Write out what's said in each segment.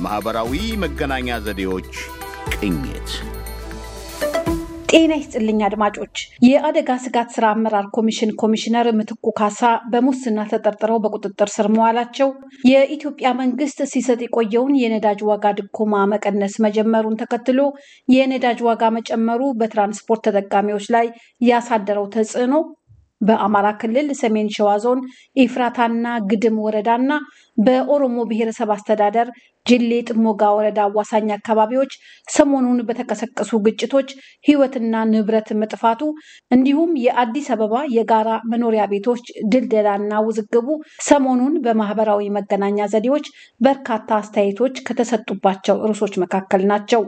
የማኅበራዊ መገናኛ ዘዴዎች ቅኝት። ጤና ይስጥልኝ አድማጮች። የአደጋ ስጋት ስራ አመራር ኮሚሽን ኮሚሽነር ምትኩ ካሳ በሙስና ተጠርጥረው በቁጥጥር ስር መዋላቸው፣ የኢትዮጵያ መንግስት ሲሰጥ የቆየውን የነዳጅ ዋጋ ድጎማ መቀነስ መጀመሩን ተከትሎ የነዳጅ ዋጋ መጨመሩ በትራንስፖርት ተጠቃሚዎች ላይ ያሳደረው ተጽዕኖ በአማራ ክልል ሰሜን ሸዋ ዞን ኢፍራታና ግድም ወረዳና በኦሮሞ ብሔረሰብ አስተዳደር ጅሌ ጥሞጋ ወረዳ አዋሳኝ አካባቢዎች ሰሞኑን በተቀሰቀሱ ግጭቶች ሕይወትና ንብረት መጥፋቱ እንዲሁም የአዲስ አበባ የጋራ መኖሪያ ቤቶች ድልደላና ውዝግቡ ሰሞኑን በማህበራዊ መገናኛ ዘዴዎች በርካታ አስተያየቶች ከተሰጡባቸው ርዕሶች መካከል ናቸው።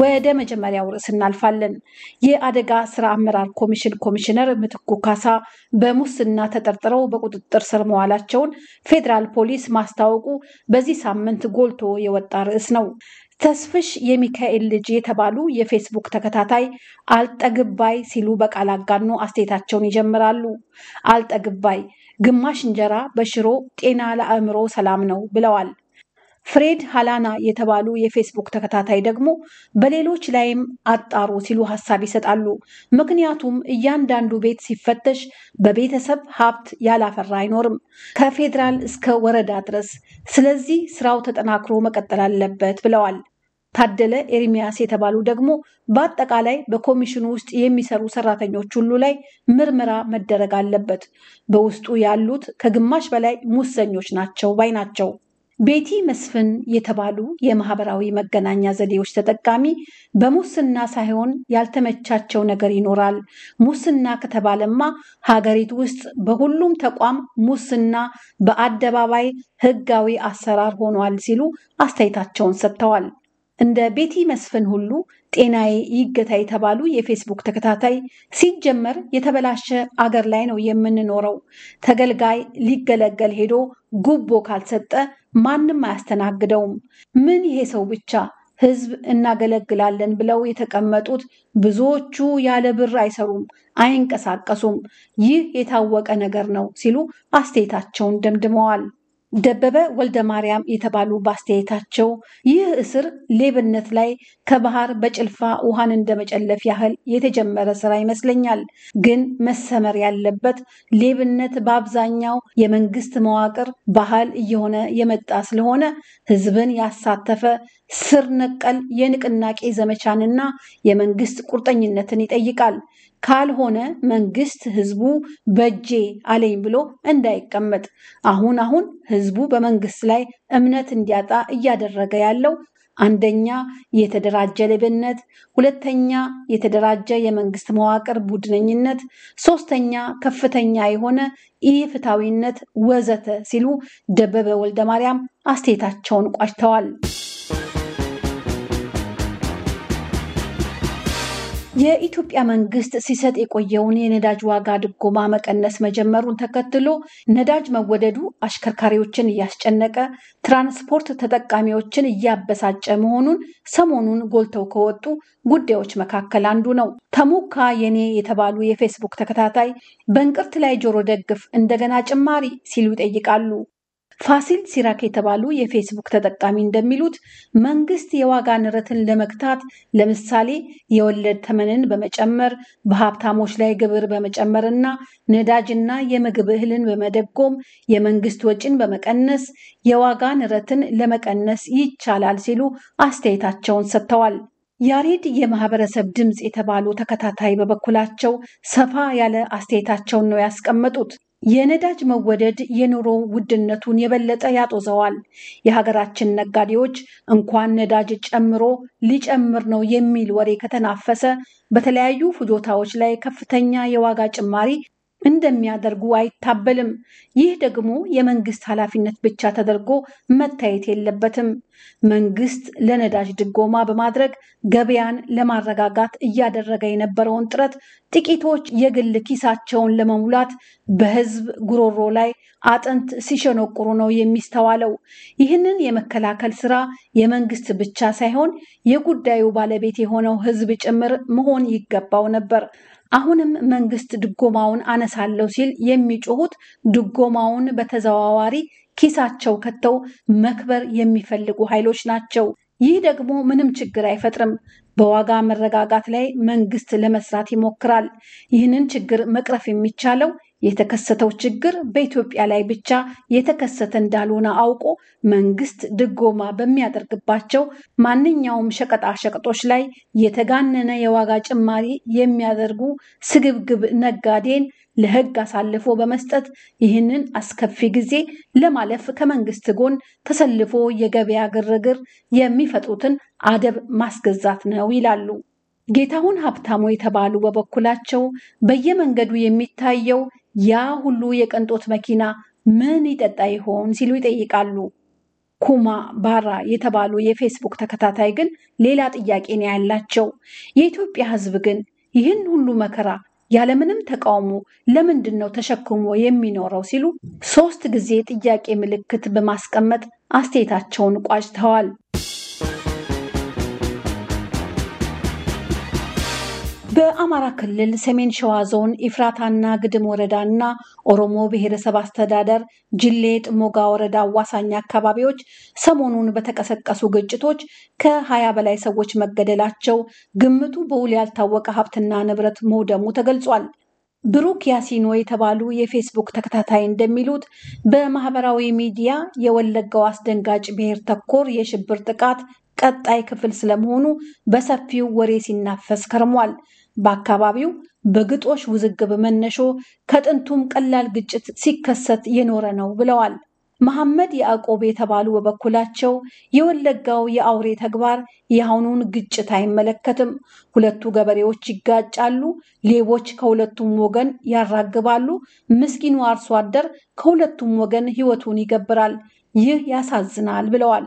ወደ መጀመሪያው ርዕስ እናልፋለን። የአደጋ ስራ አመራር ኮሚሽን ኮሚሽነር ምትኩ ካሳ በሙስና ተጠርጥረው በቁጥጥር ስር መዋላቸውን ፌዴራል ፖሊስ ማስታወቁ በዚህ ሳምንት ጎልቶ የወጣ ርዕስ ነው። ተስፍሽ የሚካኤል ልጅ የተባሉ የፌስቡክ ተከታታይ አልጠግባይ ሲሉ በቃል አጋኖ አስተያየታቸውን ይጀምራሉ። አልጠግባይ ግማሽ እንጀራ በሽሮ ጤና ለአእምሮ ሰላም ነው ብለዋል። ፍሬድ ሃላና የተባሉ የፌስቡክ ተከታታይ ደግሞ በሌሎች ላይም አጣሩ ሲሉ ሀሳብ ይሰጣሉ። ምክንያቱም እያንዳንዱ ቤት ሲፈተሽ በቤተሰብ ሀብት ያላፈራ አይኖርም፣ ከፌዴራል እስከ ወረዳ ድረስ። ስለዚህ ስራው ተጠናክሮ መቀጠል አለበት ብለዋል። ታደለ ኤርሚያስ የተባሉ ደግሞ በአጠቃላይ በኮሚሽኑ ውስጥ የሚሰሩ ሰራተኞች ሁሉ ላይ ምርመራ መደረግ አለበት፣ በውስጡ ያሉት ከግማሽ በላይ ሙሰኞች ናቸው ባይ ናቸው። ቤቲ መስፍን የተባሉ የማህበራዊ መገናኛ ዘዴዎች ተጠቃሚ በሙስና ሳይሆን ያልተመቻቸው ነገር ይኖራል። ሙስና ከተባለማ ሀገሪቱ ውስጥ በሁሉም ተቋም ሙስና በአደባባይ ህጋዊ አሰራር ሆኗል ሲሉ አስተያየታቸውን ሰጥተዋል። እንደ ቤቲ መስፍን ሁሉ ጤናዬ ይገታ የተባሉ የፌስቡክ ተከታታይ ሲጀመር የተበላሸ አገር ላይ ነው የምንኖረው። ተገልጋይ ሊገለገል ሄዶ ጉቦ ካልሰጠ ማንም አያስተናግደውም። ምን ይሄ ሰው ብቻ ህዝብ እናገለግላለን ብለው የተቀመጡት ብዙዎቹ ያለ ብር አይሰሩም፣ አይንቀሳቀሱም። ይህ የታወቀ ነገር ነው ሲሉ አስተያየታቸውን ደምድመዋል። ደበበ ወልደ ማርያም የተባሉ በአስተያየታቸው ይህ እስር ሌብነት ላይ ከባህር በጭልፋ ውሃን እንደመጨለፍ ያህል የተጀመረ ስራ ይመስለኛል። ግን መሰመር ያለበት ሌብነት በአብዛኛው የመንግስት መዋቅር ባህል እየሆነ የመጣ ስለሆነ ሕዝብን ያሳተፈ ስር ነቀል የንቅናቄ ዘመቻንና የመንግስት ቁርጠኝነትን ይጠይቃል። ካልሆነ መንግስት ህዝቡ በጄ አለኝ ብሎ እንዳይቀመጥ አሁን አሁን ህዝቡ በመንግስት ላይ እምነት እንዲያጣ እያደረገ ያለው አንደኛ የተደራጀ ሌብነት፣ ሁለተኛ የተደራጀ የመንግስት መዋቅር ቡድነኝነት፣ ሶስተኛ ከፍተኛ የሆነ ኢፍታዊነት ወዘተ ሲሉ ደበበ ወልደ ማርያም አስተያየታቸውን ቋጭተዋል። የኢትዮጵያ መንግስት ሲሰጥ የቆየውን የነዳጅ ዋጋ ድጎማ መቀነስ መጀመሩን ተከትሎ ነዳጅ መወደዱ አሽከርካሪዎችን እያስጨነቀ ትራንስፖርት ተጠቃሚዎችን እያበሳጨ መሆኑን ሰሞኑን ጎልተው ከወጡ ጉዳዮች መካከል አንዱ ነው። ተሙካ የኔ የተባሉ የፌስቡክ ተከታታይ በእንቅርት ላይ ጆሮ ደግፍ እንደገና ጭማሪ ሲሉ ይጠይቃሉ። ፋሲል ሲራክ የተባሉ የፌስቡክ ተጠቃሚ እንደሚሉት መንግስት የዋጋ ንረትን ለመግታት ለምሳሌ የወለድ ተመንን በመጨመር በሀብታሞች ላይ ግብር በመጨመርና ነዳጅና የምግብ እህልን በመደጎም የመንግስት ወጪን በመቀነስ የዋጋ ንረትን ለመቀነስ ይቻላል ሲሉ አስተያየታቸውን ሰጥተዋል። ያሬድ የማህበረሰብ ድምፅ የተባሉ ተከታታይ በበኩላቸው ሰፋ ያለ አስተያየታቸውን ነው ያስቀመጡት። የነዳጅ መወደድ የኑሮ ውድነቱን የበለጠ ያጦዘዋል። የሀገራችን ነጋዴዎች እንኳን ነዳጅ ጨምሮ ሊጨምር ነው የሚል ወሬ ከተናፈሰ በተለያዩ ፍጆታዎች ላይ ከፍተኛ የዋጋ ጭማሪ እንደሚያደርጉ አይታበልም። ይህ ደግሞ የመንግስት ኃላፊነት ብቻ ተደርጎ መታየት የለበትም። መንግስት ለነዳጅ ድጎማ በማድረግ ገበያን ለማረጋጋት እያደረገ የነበረውን ጥረት ጥቂቶች የግል ኪሳቸውን ለመሙላት በህዝብ ጉሮሮ ላይ አጥንት ሲሸነቁሩ ነው የሚስተዋለው። ይህንን የመከላከል ስራ የመንግስት ብቻ ሳይሆን የጉዳዩ ባለቤት የሆነው ህዝብ ጭምር መሆን ይገባው ነበር። አሁንም መንግስት ድጎማውን አነሳለሁ ሲል የሚጮሁት ድጎማውን በተዘዋዋሪ ኪሳቸው ከተው መክበር የሚፈልጉ ኃይሎች ናቸው። ይህ ደግሞ ምንም ችግር አይፈጥርም። በዋጋ መረጋጋት ላይ መንግስት ለመስራት ይሞክራል። ይህንን ችግር መቅረፍ የሚቻለው የተከሰተው ችግር በኢትዮጵያ ላይ ብቻ የተከሰተ እንዳልሆነ አውቆ መንግስት ድጎማ በሚያደርግባቸው ማንኛውም ሸቀጣ ሸቀጦች ላይ የተጋነነ የዋጋ ጭማሪ የሚያደርጉ ስግብግብ ነጋዴን ለሕግ አሳልፎ በመስጠት ይህንን አስከፊ ጊዜ ለማለፍ ከመንግስት ጎን ተሰልፎ የገበያ ግርግር የሚፈጥሩትን አደብ ማስገዛት ነው ይላሉ። ጌታሁን ሀብታሙ የተባሉ በበኩላቸው በየመንገዱ የሚታየው ያ ሁሉ የቅንጦት መኪና ምን ይጠጣ ይሆን ሲሉ ይጠይቃሉ። ኩማ ባራ የተባሉ የፌስቡክ ተከታታይ ግን ሌላ ጥያቄ ነው ያላቸው። የኢትዮጵያ ሕዝብ ግን ይህን ሁሉ መከራ ያለምንም ተቃውሞ ለምንድን ነው ተሸክሞ የሚኖረው ሲሉ ሶስት ጊዜ ጥያቄ ምልክት በማስቀመጥ አስተያየታቸውን ቋጭተዋል። በአማራ ክልል ሰሜን ሸዋ ዞን ኢፍራታና ግድም ወረዳ እና ኦሮሞ ብሔረሰብ አስተዳደር ጅሌ ጥሞጋ ወረዳ አዋሳኝ አካባቢዎች ሰሞኑን በተቀሰቀሱ ግጭቶች ከሀያ በላይ ሰዎች መገደላቸው ግምቱ በውል ያልታወቀ ሀብትና ንብረት መውደሙ ተገልጿል። ብሩክ ያሲኖ የተባሉ የፌስቡክ ተከታታይ እንደሚሉት በማህበራዊ ሚዲያ የወለጋው አስደንጋጭ ብሔር ተኮር የሽብር ጥቃት ቀጣይ ክፍል ስለመሆኑ በሰፊው ወሬ ሲናፈስ ከርሟል። በአካባቢው በግጦሽ ውዝግብ መነሾ ከጥንቱም ቀላል ግጭት ሲከሰት የኖረ ነው ብለዋል። መሐመድ ያዕቆብ የተባሉ በበኩላቸው የወለጋው የአውሬ ተግባር የአሁኑን ግጭት አይመለከትም። ሁለቱ ገበሬዎች ይጋጫሉ፣ ሌቦች ከሁለቱም ወገን ያራግባሉ፣ ምስኪኑ አርሶ አደር ከሁለቱም ወገን ሕይወቱን ይገብራል። ይህ ያሳዝናል ብለዋል።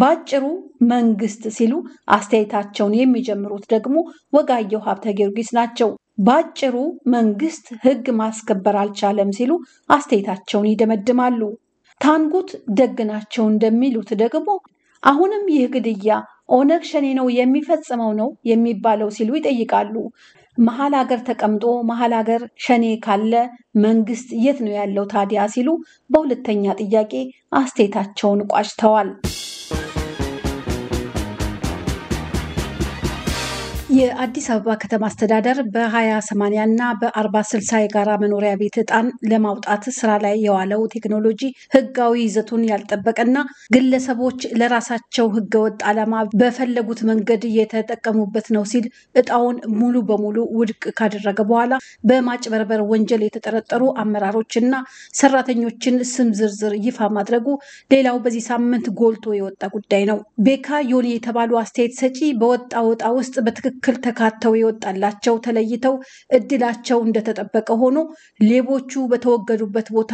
ባጭሩ መንግስት ሲሉ አስተያየታቸውን የሚጀምሩት ደግሞ ወጋየሁ ሀብተ ጊዮርጊስ ናቸው። ባጭሩ መንግስት ህግ ማስከበር አልቻለም ሲሉ አስተያየታቸውን ይደመድማሉ። ታንጉት ደግናቸው እንደሚሉት ደግሞ አሁንም ይህ ግድያ ኦነግ ሸኔ ነው የሚፈጽመው ነው የሚባለው ሲሉ ይጠይቃሉ። መሀል ሀገር ተቀምጦ መሀል ሀገር ሸኔ ካለ መንግስት የት ነው ያለው ታዲያ ሲሉ በሁለተኛ ጥያቄ አስተያየታቸውን ቋጭተዋል። የአዲስ አበባ ከተማ አስተዳደር በ20/80 እና በ40/60 የጋራ መኖሪያ ቤት ዕጣን ለማውጣት ስራ ላይ የዋለው ቴክኖሎጂ ሕጋዊ ይዘቱን ያልጠበቀና ግለሰቦች ለራሳቸው ሕገወጥ ዓላማ በፈለጉት መንገድ እየተጠቀሙበት ነው ሲል ዕጣውን ሙሉ በሙሉ ውድቅ ካደረገ በኋላ በማጭበርበር ወንጀል የተጠረጠሩ አመራሮችና ሰራተኞችን ስም ዝርዝር ይፋ ማድረጉ ሌላው በዚህ ሳምንት ጎልቶ የወጣ ጉዳይ ነው። ቤካ ዮኒ የተባሉ አስተያየት ሰጪ በወጣ ወጣ ውስጥ በትክክል በትክክል ተካተው የወጣላቸው ተለይተው እድላቸው እንደተጠበቀ ሆኖ ሌቦቹ በተወገዱበት ቦታ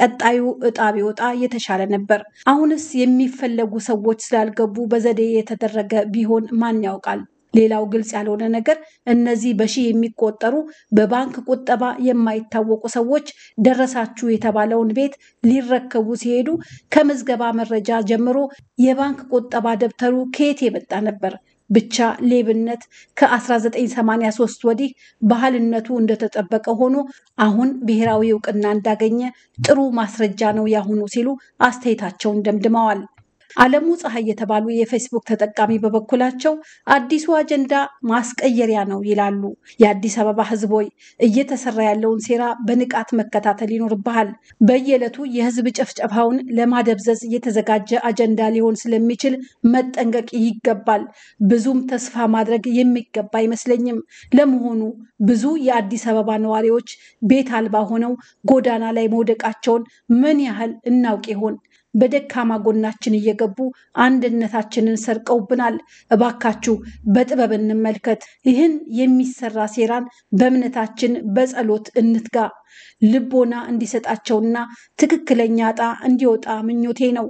ቀጣዩ እጣ ቢወጣ የተሻለ ነበር። አሁንስ የሚፈለጉ ሰዎች ስላልገቡ በዘዴ የተደረገ ቢሆን ማን ያውቃል? ሌላው ግልጽ ያልሆነ ነገር እነዚህ በሺ የሚቆጠሩ በባንክ ቁጠባ የማይታወቁ ሰዎች ደረሳችሁ የተባለውን ቤት ሊረከቡ ሲሄዱ ከምዝገባ መረጃ ጀምሮ የባንክ ቁጠባ ደብተሩ ከየት የመጣ ነበር? ብቻ ሌብነት ከ1983 ወዲህ ባህልነቱ እንደተጠበቀ ሆኖ አሁን ብሔራዊ እውቅና እንዳገኘ ጥሩ ማስረጃ ነው ያሁኑ ሲሉ አስተያየታቸውን ደምድመዋል። አለሙ ፀሐይ የተባሉ የፌስቡክ ተጠቃሚ በበኩላቸው አዲሱ አጀንዳ ማስቀየሪያ ነው ይላሉ። የአዲስ አበባ ህዝብ ሆይ እየተሰራ ያለውን ሴራ በንቃት መከታተል ይኖርብሃል። በየዕለቱ የህዝብ ጭፍጨፋውን ለማደብዘዝ የተዘጋጀ አጀንዳ ሊሆን ስለሚችል መጠንቀቅ ይገባል። ብዙም ተስፋ ማድረግ የሚገባ አይመስለኝም። ለመሆኑ ብዙ የአዲስ አበባ ነዋሪዎች ቤት አልባ ሆነው ጎዳና ላይ መውደቃቸውን ምን ያህል እናውቅ ይሆን? በደካማ ጎናችን እየገቡ አንድነታችንን ሰርቀውብናል። እባካችሁ በጥበብ እንመልከት። ይህን የሚሰራ ሴራን በእምነታችን በጸሎት እንትጋ። ልቦና እንዲሰጣቸውና ትክክለኛ ዕጣ እንዲወጣ ምኞቴ ነው።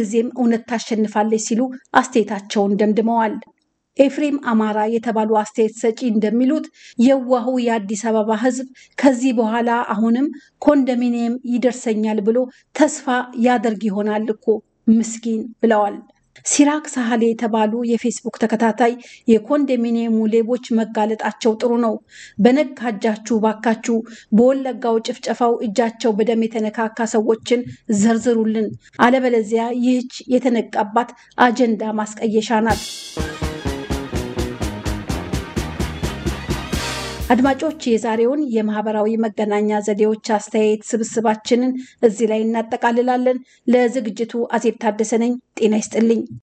ጊዜም እውነት ታሸንፋለች ሲሉ አስተያየታቸውን ደምድመዋል። ኤፍሬም አማራ የተባሉ አስተያየት ሰጪ እንደሚሉት የዋሁ የአዲስ አበባ ሕዝብ ከዚህ በኋላ አሁንም ኮንዶሚኒየም ይደርሰኛል ብሎ ተስፋ ያደርግ ይሆናል እኮ ምስኪን ብለዋል። ሲራክ ሳህሌ የተባሉ የፌስቡክ ተከታታይ የኮንዶሚኒየሙ ሌቦች መጋለጣቸው ጥሩ ነው። በነካጃችሁ ባካችሁ፣ በወለጋው ጭፍጨፋው እጃቸው በደም የተነካካ ሰዎችን ዘርዝሩልን፣ አለበለዚያ ይህች የተነቃባት አጀንዳ ማስቀየሻ ናት። አድማጮች የዛሬውን የማህበራዊ መገናኛ ዘዴዎች አስተያየት ስብስባችንን እዚህ ላይ እናጠቃልላለን። ለዝግጅቱ አዜብ ታደሰ ነኝ። ጤና ይስጥልኝ።